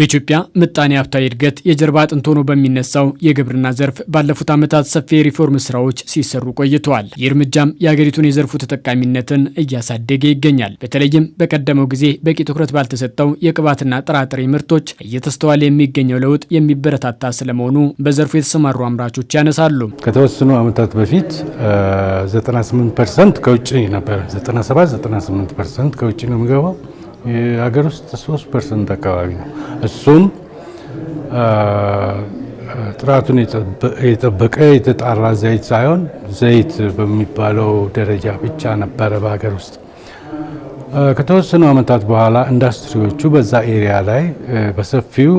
በኢትዮጵያ ምጣኔ ሀብታዊ እድገት የጀርባ አጥንት ሆኖ በሚነሳው የግብርና ዘርፍ ባለፉት ዓመታት ሰፊ የሪፎርም ስራዎች ሲሰሩ ቆይተዋል። ይህ እርምጃም የአገሪቱን የዘርፉ ተጠቃሚነትን እያሳደገ ይገኛል። በተለይም በቀደመው ጊዜ በቂ ትኩረት ባልተሰጠው የቅባትና ጥራጥሬ ምርቶች እየተስተዋለ የሚገኘው ለውጥ የሚበረታታ ስለመሆኑ በዘርፉ የተሰማሩ አምራቾች ያነሳሉ። ከተወሰኑ ዓመታት በፊት 98 ፐርሰንት ከውጭ ነበረ። 97 98 ፐርሰንት ከውጭ ነው የሚገባው የሀገር ውስጥ ሶስት ፐርሰንት አካባቢ ነው። እሱም ጥራቱን የጠበቀ የተጣራ ዘይት ሳይሆን ዘይት በሚባለው ደረጃ ብቻ ነበረ በሀገር ውስጥ። ከተወሰኑ ዓመታት በኋላ ኢንዱስትሪዎቹ በዛ ኤሪያ ላይ በሰፊው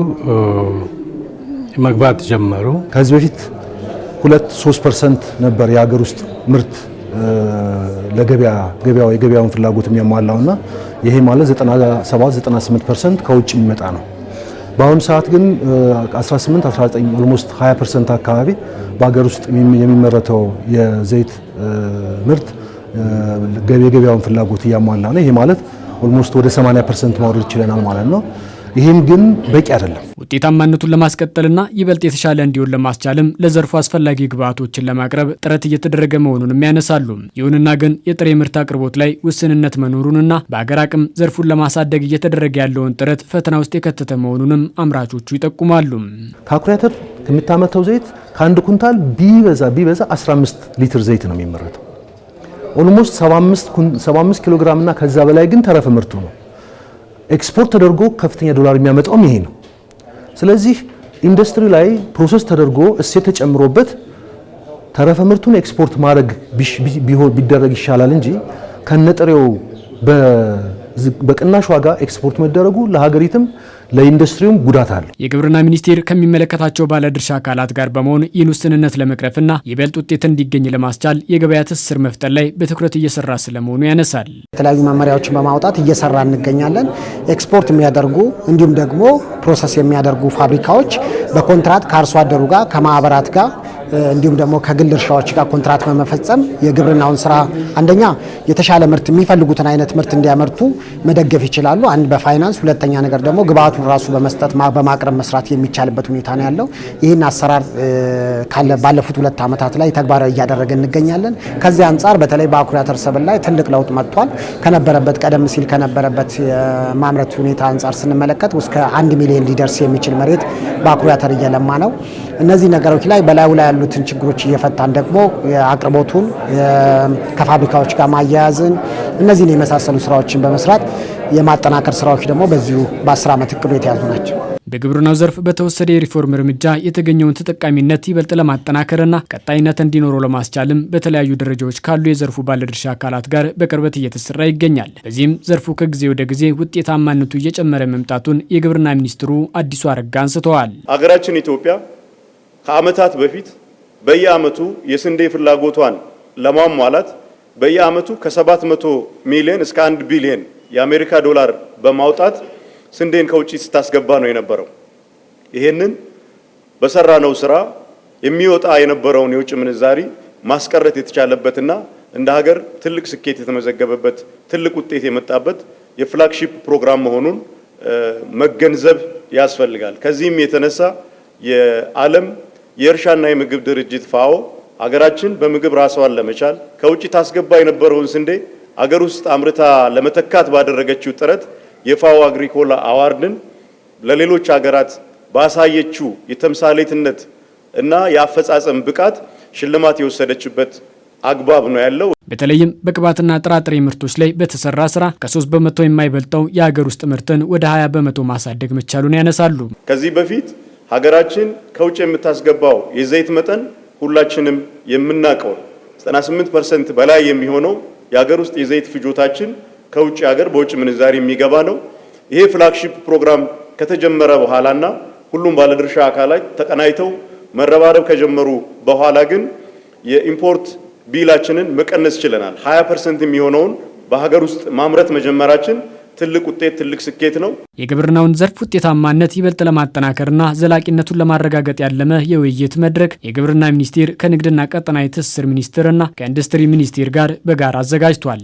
መግባት ጀመሩ። ከዚህ በፊት ሁለት ሶስት ፐርሰንት ነበር የሀገር ውስጥ ምርት ለገበያ ገበያው የገበያውን ፍላጎት የሚያሟላውና ይሄ ማለት 97 98% ከውጭ የሚመጣ ነው። በአሁኑ ሰዓት ግን 18 19 ኦልሞስት 20% አካባቢ በሀገር ውስጥ የሚመረተው የዘይት ምርት የገበያውን ፍላጎት እያሟላ ነው። ይሄ ማለት ኦልሞስት ወደ 80% ማውረድ ይችለናል ማለት ነው። ይህም ግን በቂ አይደለም። ውጤታማነቱን ለማስቀጠልና ይበልጥ የተሻለ እንዲሆን ለማስቻልም ለዘርፉ አስፈላጊ ግብዓቶችን ለማቅረብ ጥረት እየተደረገ መሆኑንም ያነሳሉ። ይሁንና ግን የጥሬ ምርት አቅርቦት ላይ ውስንነት መኖሩንና በአገር አቅም ዘርፉን ለማሳደግ እየተደረገ ያለውን ጥረት ፈተና ውስጥ የከተተ መሆኑንም አምራቾቹ ይጠቁማሉ። ከአኩሪ አተር ከምታመርተው ዘይት ከአንድ ኩንታል ቢበዛ ቢበዛ 15 ሊትር ዘይት ነው የሚመረተው። ኦልሞስት 75 ኪሎ ግራምና ከዛ በላይ ግን ተረፈ ምርቱ ነው። ኤክስፖርት ተደርጎ ከፍተኛ ዶላር የሚያመጣውም ይሄ ነው። ስለዚህ ኢንዱስትሪ ላይ ፕሮሰስ ተደርጎ እሴት ተጨምሮበት ተረፈ ምርቱን ኤክስፖርት ማድረግ ቢደረግ ይሻላል እንጂ ከነጥሬው በቅናሽ ዋጋ ኤክስፖርት መደረጉ ለሀገሪቱም ለኢንዱስትሪውም ጉዳት አለ። የግብርና ሚኒስቴር ከሚመለከታቸው ባለድርሻ አካላት ጋር በመሆን ይህን ውስንነት ለመቅረፍና ይበልጥ ውጤት እንዲገኝ ለማስቻል የገበያ ትስስር መፍጠር ላይ በትኩረት እየሰራ ስለመሆኑ ያነሳል። የተለያዩ መመሪያዎችን በማውጣት እየሰራ እንገኛለን። ኤክስፖርት የሚያደርጉ እንዲሁም ደግሞ ፕሮሰስ የሚያደርጉ ፋብሪካዎች በኮንትራት ከአርሶ አደሩ ጋር ከማህበራት ጋር እንዲሁም ደግሞ ከግል እርሻዎች ጋር ኮንትራት በመፈጸም የግብርናውን ስራ አንደኛ የተሻለ ምርት የሚፈልጉትን አይነት ምርት እንዲያመርቱ መደገፍ ይችላሉ። አንድ በፋይናንስ ሁለተኛ ነገር ደግሞ ግብአቱን ራሱ በመስጠት በማቅረብ መስራት የሚቻልበት ሁኔታ ነው ያለው። ይህን አሰራር ባለፉት ሁለት ዓመታት ላይ ተግባራዊ እያደረገ እንገኛለን። ከዚህ አንጻር በተለይ በአኩሪ አተር ሰብል ላይ ትልቅ ለውጥ መጥቷል። ከነበረበት ቀደም ሲል ከነበረበት የማምረት ሁኔታ አንጻር ስንመለከት እስከ አንድ ሚሊዮን ሊደርስ የሚችል መሬት በአኩሪ አተር እየለማ ነው። እነዚህ ነገሮች ላይ በላዩ ላይ ያሉትን ችግሮች እየፈታን ደግሞ አቅርቦቱን ከፋብሪካዎች ጋር ማያያዝን እነዚህን የመሳሰሉ ስራዎችን በመስራት የማጠናከር ስራዎች ደግሞ በዚሁ በአስር ዓመት እቅዱ የተያዙ ናቸው። በግብርናው ዘርፍ በተወሰደ የሪፎርም እርምጃ የተገኘውን ተጠቃሚነት ይበልጥ ለማጠናከርና ቀጣይነት እንዲኖረው ለማስቻልም በተለያዩ ደረጃዎች ካሉ የዘርፉ ባለድርሻ አካላት ጋር በቅርበት እየተሰራ ይገኛል። በዚህም ዘርፉ ከጊዜ ወደ ጊዜ ውጤታማነቱ እየጨመረ መምጣቱን የግብርና ሚኒስትሩ አዲሱ አረጋ አንስተዋል። አገራችን ኢትዮጵያ ከዓመታት በፊት በየዓመቱ የስንዴ ፍላጎቷን ለማሟላት በየዓመቱ ከ700 ሚሊዮን እስከ 1 ቢሊዮን የአሜሪካ ዶላር በማውጣት ስንዴን ከውጭ ስታስገባ ነው የነበረው። ይሄንን በሰራነው ስራ የሚወጣ የነበረውን የውጭ ምንዛሪ ማስቀረት የተቻለበትና እንደ ሀገር ትልቅ ስኬት የተመዘገበበት ትልቅ ውጤት የመጣበት የፍላግሺፕ ፕሮግራም መሆኑን መገንዘብ ያስፈልጋል። ከዚህም የተነሳ የዓለም የእርሻና የምግብ ድርጅት ፋኦ አገራችን በምግብ ራሷን ለመቻል ከውጭ ታስገባ የነበረውን ስንዴ አገር ውስጥ አምርታ ለመተካት ባደረገችው ጥረት የፋኦ አግሪኮላ አዋርድን ለሌሎች ሀገራት ባሳየችው የተምሳሌትነት እና የአፈጻጸም ብቃት ሽልማት የወሰደችበት አግባብ ነው ያለው። በተለይም በቅባትና ጥራጥሬ ምርቶች ላይ በተሰራ ስራ ከ3 በመቶ የማይበልጠው የሀገር ውስጥ ምርትን ወደ 20 በመቶ ማሳደግ መቻሉን ያነሳሉ። ከዚህ በፊት ሀገራችን ከውጭ የምታስገባው የዘይት መጠን ሁላችንም የምናውቀው 98% በላይ የሚሆነው የሀገር ውስጥ የዘይት ፍጆታችን ከውጭ ሀገር በውጭ ምንዛሪ የሚገባ ነው። ይሄ ፍላግሺፕ ፕሮግራም ከተጀመረ በኋላና ሁሉም ባለድርሻ አካላት ተቀናይተው መረባረብ ከጀመሩ በኋላ ግን የኢምፖርት ቢላችንን መቀነስ ችለናል። 20% የሚሆነውን በሀገር ውስጥ ማምረት መጀመራችን ትልቅ ውጤት ትልቅ ስኬት ነው። የግብርናውን ዘርፍ ውጤታማነት ይበልጥ ለማጠናከርና ዘላቂነቱን ለማረጋገጥ ያለመ የውይይት መድረክ የግብርና ሚኒስቴር ከንግድና ቀጠናዊ ትስስር ሚኒስቴርና ከኢንዱስትሪ ሚኒስቴር ጋር በጋራ አዘጋጅቷል።